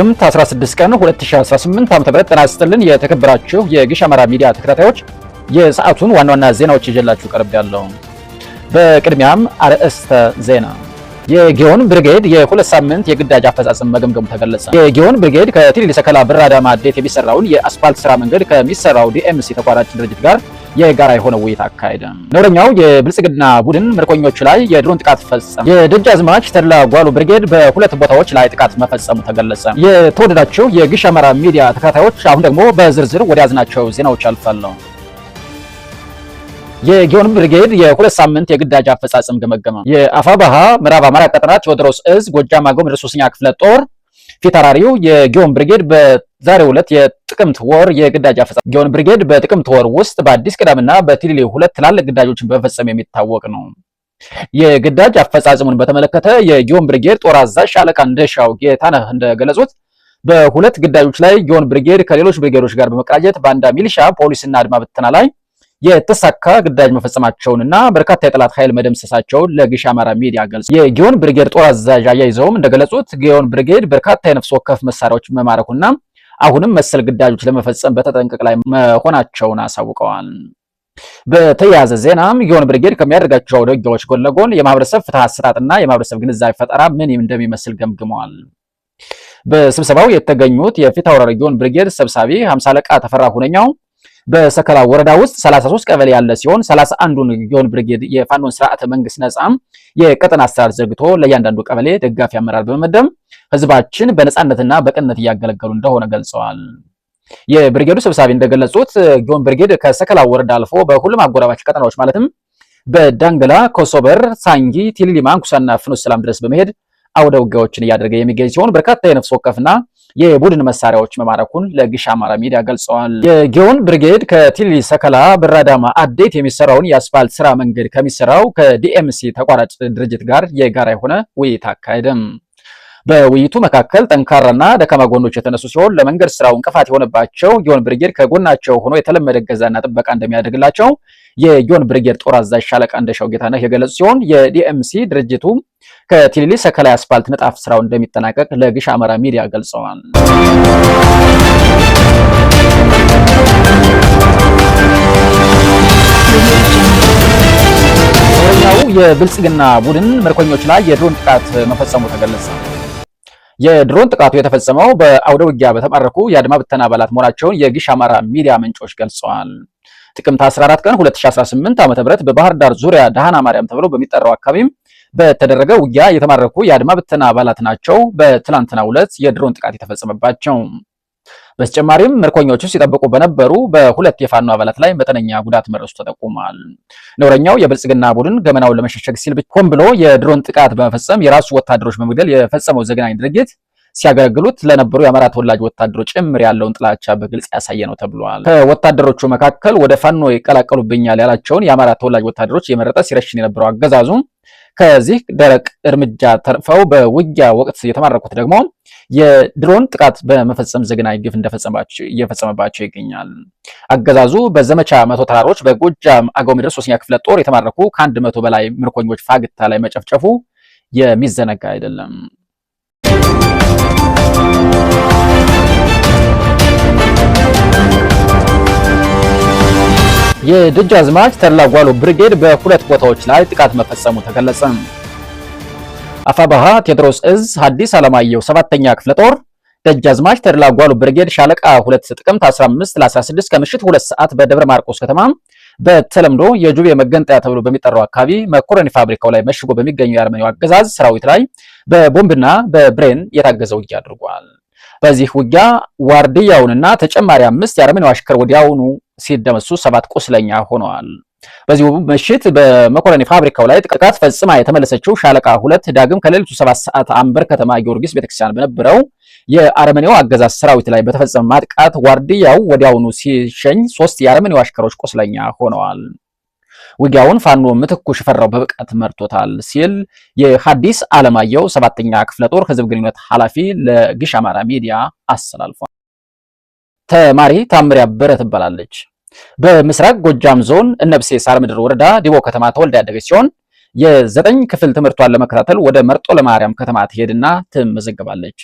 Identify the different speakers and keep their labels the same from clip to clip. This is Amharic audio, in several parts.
Speaker 1: ጥቅምት 16 ቀን 2018 ዓ.ም ጤና ይስጥልን። የተከበራችሁ የግሽ አማራ ሚዲያ ተከታታዮች የሰዓቱን ዋና ዋና ዜናዎች ይዤላችሁ ቀርቤያለሁ። በቅድሚያም አርዕስተ ዜና። የጊዮን ብርጌድ የሁለት ሳምንት የግዳጅ አፈጻጸም መገምገሙ ተገለጸ። የጊዮን ብርጌድ ከቲሊሊ ሰከላ ብራዳማ ማዴት የሚሰራውን የአስፋልት ስራ መንገድ ከሚሰራው ዲኤምሲ ተቋራጭ ድርጅት ጋር የጋራ የሆነ ውይይት አካሄደ። ነውረኛው የብልጽግና ቡድን ምርኮኞች ላይ የድሮን ጥቃት ፈጸመ። የደጃዝማች ተድላ ጓሉ ብርጌድ በሁለት ቦታዎች ላይ ጥቃት መፈጸሙ ተገለጸ። የተወደዳቸው የግሽ አማራ ሚዲያ ተከታታዮች አሁን ደግሞ በዝርዝር ወደ ያዝናቸው ዜናዎች አልፋለሁ። የጊዮን ብርጌድ የሁለት ሳምንት የግዳጅ አፈጻጸም ገመገመ። የአፋባሃ ምዕራብ አማራ ቀጠና ቴዎድሮስ እዝ ጎጃም አገው ምድር ሶስተኛ ክፍለ ጦር ፊታራሪው የጊዮን ብርጌድ በዛሬው ዕለት የጥቅምት ወር የግዳጅ አፈጻጸም ጊዮን ብርጌድ በጥቅምት ወር ውስጥ በአዲስ ቅዳምና በቲሊሊ ሁለት ትላልቅ ግዳጆችን በመፈጸም የሚታወቅ ነው። የግዳጅ አፈጻጸሙን በተመለከተ የጊዮን ብርጌድ ጦር አዛዥ ሻለቃ እንደሻው ጌታነህ እንደገለጹት በሁለት ግዳጆች ላይ ጊዮን ብርጌድ ከሌሎች ብርጌዶች ጋር በመቀራጀት ባንዳ ሚሊሻ፣ ፖሊስና አድማ ብተና ላይ የተሳካ ግዳጅ መፈጸማቸውንና በርካታ የጠላት ኃይል መደምሰሳቸውን ለግሽ አማራ ሚዲያ ገልጸዋል። የጊዮን ብርጌድ ጦር አዛዥ አያይዘውም እንደገለጹት ጊዮን ብርጌድ በርካታ የነፍስ ወከፍ መሳሪያዎች መማረኩና አሁንም መሰል ግዳጆች ለመፈጸም በተጠንቀቅ ላይ መሆናቸውን አሳውቀዋል። በተያያዘ ዜናም ጊዮን ብርጌድ ከሚያደርጋቸው አውደ ውጊያዎች ጎን ለጎን የማህበረሰብ ፍትህ አሰጣጥና የማህበረሰብ ግንዛቤ ፈጠራ ምን እንደሚመስል ገምግመዋል። በስብሰባው የተገኙት የፊት አውራሪ ጊዮን ብርጌድ ሰብሳቢ ሃምሳ አለቃ ተፈራ ሁነኛው በሰከላ ወረዳ ውስጥ 33 ቀበሌ ያለ ሲሆን 31ዱን ጊዮን ብርጌድ የፋኖን ስርዓተ መንግስት ነጻም የቀጠና አሰራር ዘርግቶ ለእያንዳንዱ ቀበሌ ደጋፊ አመራር በመመደብ ህዝባችን በነጻነትና በቅንነት እያገለገሉ እንደሆነ ገልጸዋል። የብርጌዱ ሰብሳቢ እንደገለጹት ጊዮን ብርጌድ ከሰከላ ወረዳ አልፎ በሁሉም አጎራባች ቀጠናዎች ማለትም በዳንግላ፣ ኮሶበር፣ ሳንጊ፣ ቲሊሊ፣ ማንኩሳና ፍኖተ ሰላም ድረስ በመሄድ አውደ ውጊያዎችን እያደረገ የሚገኝ ሲሆን በርካታ የነፍስ ወከፍና የቡድን መሳሪያዎች መማረኩን ለግሽ አማራ ሚዲያ ገልጸዋል። የጊዮን ብርጌድ ከቲሊ ሰከላ ብራዳማ አዴት የሚሰራውን የአስፋልት ስራ መንገድ ከሚሰራው ከዲኤምሲ ተቋራጭ ድርጅት ጋር የጋራ የሆነ ውይይት አካሄደም። በውይይቱ መካከል ጠንካራና ደካማ ጎኖች የተነሱ ሲሆን ለመንገድ ስራው እንቅፋት የሆነባቸው ጊዮን ብርጌድ ከጎናቸው ሆኖ የተለመደ እገዛና ጥበቃ እንደሚያደርግላቸው የጊዮን ብርጌድ ጦር አዛዥ ሻለቃ እንደሻው ጌታነህ የገለጹ ሲሆን የዲኤምሲ ድርጅቱ ከቲሊሊ ሰከላይ አስፋልት ንጣፍ ስራው እንደሚጠናቀቅ ለግሽ አማራ ሚዲያ ገልጸዋል። የብልጽግና ቡድን ምርኮኞች ላይ የድሮን ጥቃት መፈጸሙ ተገለጸ። የድሮን ጥቃቱ የተፈጸመው በአውደ ውጊያ በተማረኩ የአድማ ብተና አባላት መሆናቸውን የግሽ አማራ ሚዲያ ምንጮች ገልጸዋል። ጥቅምት 14 ቀን 2018 ዓ.ም በባህር ዳር ዙሪያ ዳህና ማርያም ተብሎ በሚጠራው አካባቢም በተደረገ ውጊያ የተማረኩ የአድማ ብተና አባላት ናቸው በትላንትናው ዕለት የድሮን ጥቃት የተፈጸመባቸው። በተጨማሪም ምርኮኞቹ ሲጠብቁ በነበሩ በሁለት የፋኖ አባላት ላይ መጠነኛ ጉዳት መድረሱ ተጠቁሟል። ነውረኛው የብልጽግና ቡድን ገመናውን ለመሸሸግ ሲል ሆን ብሎ የድሮን ጥቃት በመፈጸም የራሱ ወታደሮች በመግደል የፈጸመው ዘግናኝ ድርጊት ሲያገለግሉት ለነበሩ የአማራ ተወላጅ ወታደሮች ጭምር ያለውን ጥላቻ በግልጽ ያሳየ ነው ተብሏል። ከወታደሮቹ መካከል ወደ ፋኖ ይቀላቀሉብኛል ያላቸውን የአማራ ተወላጅ ወታደሮች የመረጠ ሲረሽን የነበረው አገዛዙ ከዚህ ደረቅ እርምጃ ተርፈው በውጊያ ወቅት የተማረኩት ደግሞ የድሮን ጥቃት በመፈጸም ዘግናኝ ግፍ እየፈጸመባቸው ይገኛል። አገዛዙ በዘመቻ መቶ ተራሮች በጎጃም አገው ምድር ሶስተኛ ክፍለ ጦር የተማረኩ ከአንድ መቶ በላይ ምርኮኞች ፋግታ ላይ መጨፍጨፉ የሚዘነጋ አይደለም። የደጃዝማች ተድላ ጓሎ ብርጌድ በሁለት ቦታዎች ላይ ጥቃት መፈጸሙ ተገለጸ። አፋባሃ ቴዎድሮስ እዝ ሐዲስ ዓለማየሁ ሰባተኛ ክፍለ ጦር ደጃዝማች ተድላ ጓሉ ብርጌድ ሻለቃ 2 ጥቅምት 15 ለ16 ከምሽት 2 ሰዓት በደብረ ማርቆስ ከተማ በተለምዶ የጁቤ መገንጠያ ተብሎ በሚጠራው አካባቢ መኮረኒ ፋብሪካው ላይ መሽጎ በሚገኘው የአርመኒው አገዛዝ ሰራዊት ላይ በቦምብና በብሬን የታገዘ ውጊያ አድርጓል። በዚህ ውጊያ ዋርድያውንና ተጨማሪ አምስት የአርመኒው አሽከር ወዲያውኑ ሲደመሱ ሰባት ቁስለኛ ሆነዋል። በዚሁ ምሽት በመኮረኒ ፋብሪካው ላይ ጥቃት ፈጽማ የተመለሰችው ሻለቃ ሁለት ዳግም ከሌሊቱ ሰባት ሰዓት አንበር ከተማ ጊዮርጊስ ቤተክርስቲያን በነበረው የአረመኔው አገዛዝ ሰራዊት ላይ በተፈጸመ ማጥቃት ዋርድያው ወዲያውኑ ሲሸኝ ሶስት የአረመኔው አሽከሮች ቁስለኛ ሆነዋል። ውጊያውን ፋኖ ምትኩ ሽፈራው በብቃት መርቶታል ሲል የሐዲስ ዓለማየሁ ሰባተኛ ክፍለ ጦር ህዝብ ግንኙነት ኃላፊ ለግሽ አማራ ሚዲያ አስተላልፏል። ተማሪ ታምር ያበረ ትባላለች። በምስራቅ ጎጃም ዞን እነብሴ ሳር ምድር ወረዳ ዲቦ ከተማ ተወልዳ ያደገች ሲሆን የዘጠኝ ክፍል ትምህርቷን ለመከታተል ወደ መርጦ ለማርያም ከተማ ትሄድና ትመዘገባለች።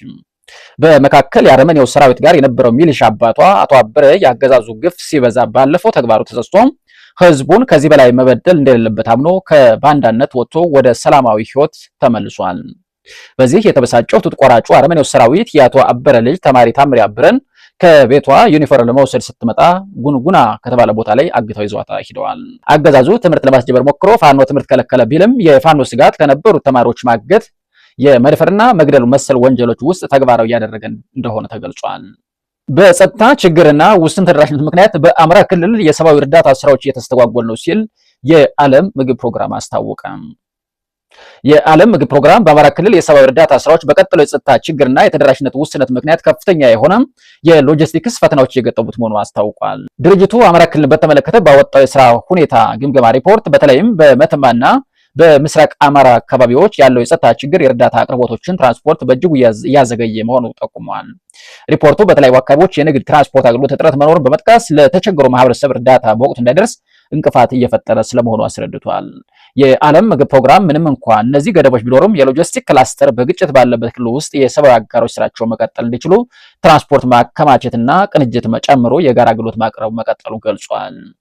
Speaker 1: በመካከል የአረመኔው ሰራዊት ጋር የነበረው ሚሊሻ አባቷ አቶ አበረ የአገዛዙ ግፍ ሲበዛ ባለፈው ተግባሩ ተሰስቶ ህዝቡን ከዚህ በላይ መበደል እንደሌለበት አምኖ ከባንዳነት ወጥቶ ወደ ሰላማዊ ህይወት ተመልሷል። በዚህ የተበሳጨው ትጥቆራጩ አረመኔው ሰራዊት የአቶ አበረ ልጅ ተማሪ ታምሪ አብረን ከቤቷ ዩኒፎርም ለመውሰድ ስትመጣ ጉንጉና ከተባለ ቦታ ላይ አግተው ይዟታ ሂደዋል። አገዛዙ ትምህርት ለማስጀበር ሞክሮ ፋኖ ትምህርት ከለከለ ቢልም የፋኖ ስጋት ከነበሩት ተማሪዎች ማገት የመድፈርና መግደሉ መሰል ወንጀሎች ውስጥ ተግባራዊ እያደረገ እንደሆነ ተገልጿል። በጸጥታ ችግርና ውስን ተደራሽነት ምክንያት በአማራ ክልል የሰብአዊ እርዳታ ስራዎች እየተስተጓጎል ነው ሲል የዓለም ምግብ ፕሮግራም አስታወቀ። የዓለም ምግብ ፕሮግራም በአማራ ክልል የሰብአዊ እርዳታ ስራዎች በቀጠለው የጸጥታ ችግርና የተደራሽነት ውስንነት ምክንያት ከፍተኛ የሆነ የሎጂስቲክስ ፈተናዎች እየገጠሙት መሆኑ አስታውቋል። ድርጅቱ አማራ ክልል በተመለከተ ባወጣው የስራ ሁኔታ ግምገማ ሪፖርት በተለይም በመተማና በምስራቅ አማራ አካባቢዎች ያለው የጸጥታ ችግር የእርዳታ አቅርቦቶችን ትራንስፖርት በእጅጉ እያዘገየ መሆኑ ጠቁሟል። ሪፖርቱ በተለያዩ አካባቢዎች የንግድ ትራንስፖርት አገልግሎት እጥረት መኖሩን በመጥቀስ ለተቸገሩ ማህበረሰብ እርዳታ በወቅቱ እንዳይደርስ እንቅፋት እየፈጠረ ስለመሆኑ አስረድቷል። የዓለም ምግብ ፕሮግራም ምንም እንኳን እነዚህ ገደቦች ቢኖሩም የሎጂስቲክ ክላስተር በግጭት ባለበት ክልል ውስጥ የሰብአዊ አጋሮች ስራቸው መቀጠል እንዲችሉ ትራንስፖርት ማከማቸትና ቅንጅት መጨምሮ የጋራ አገልግሎት ማቅረቡ መቀጠሉ ገልጿል።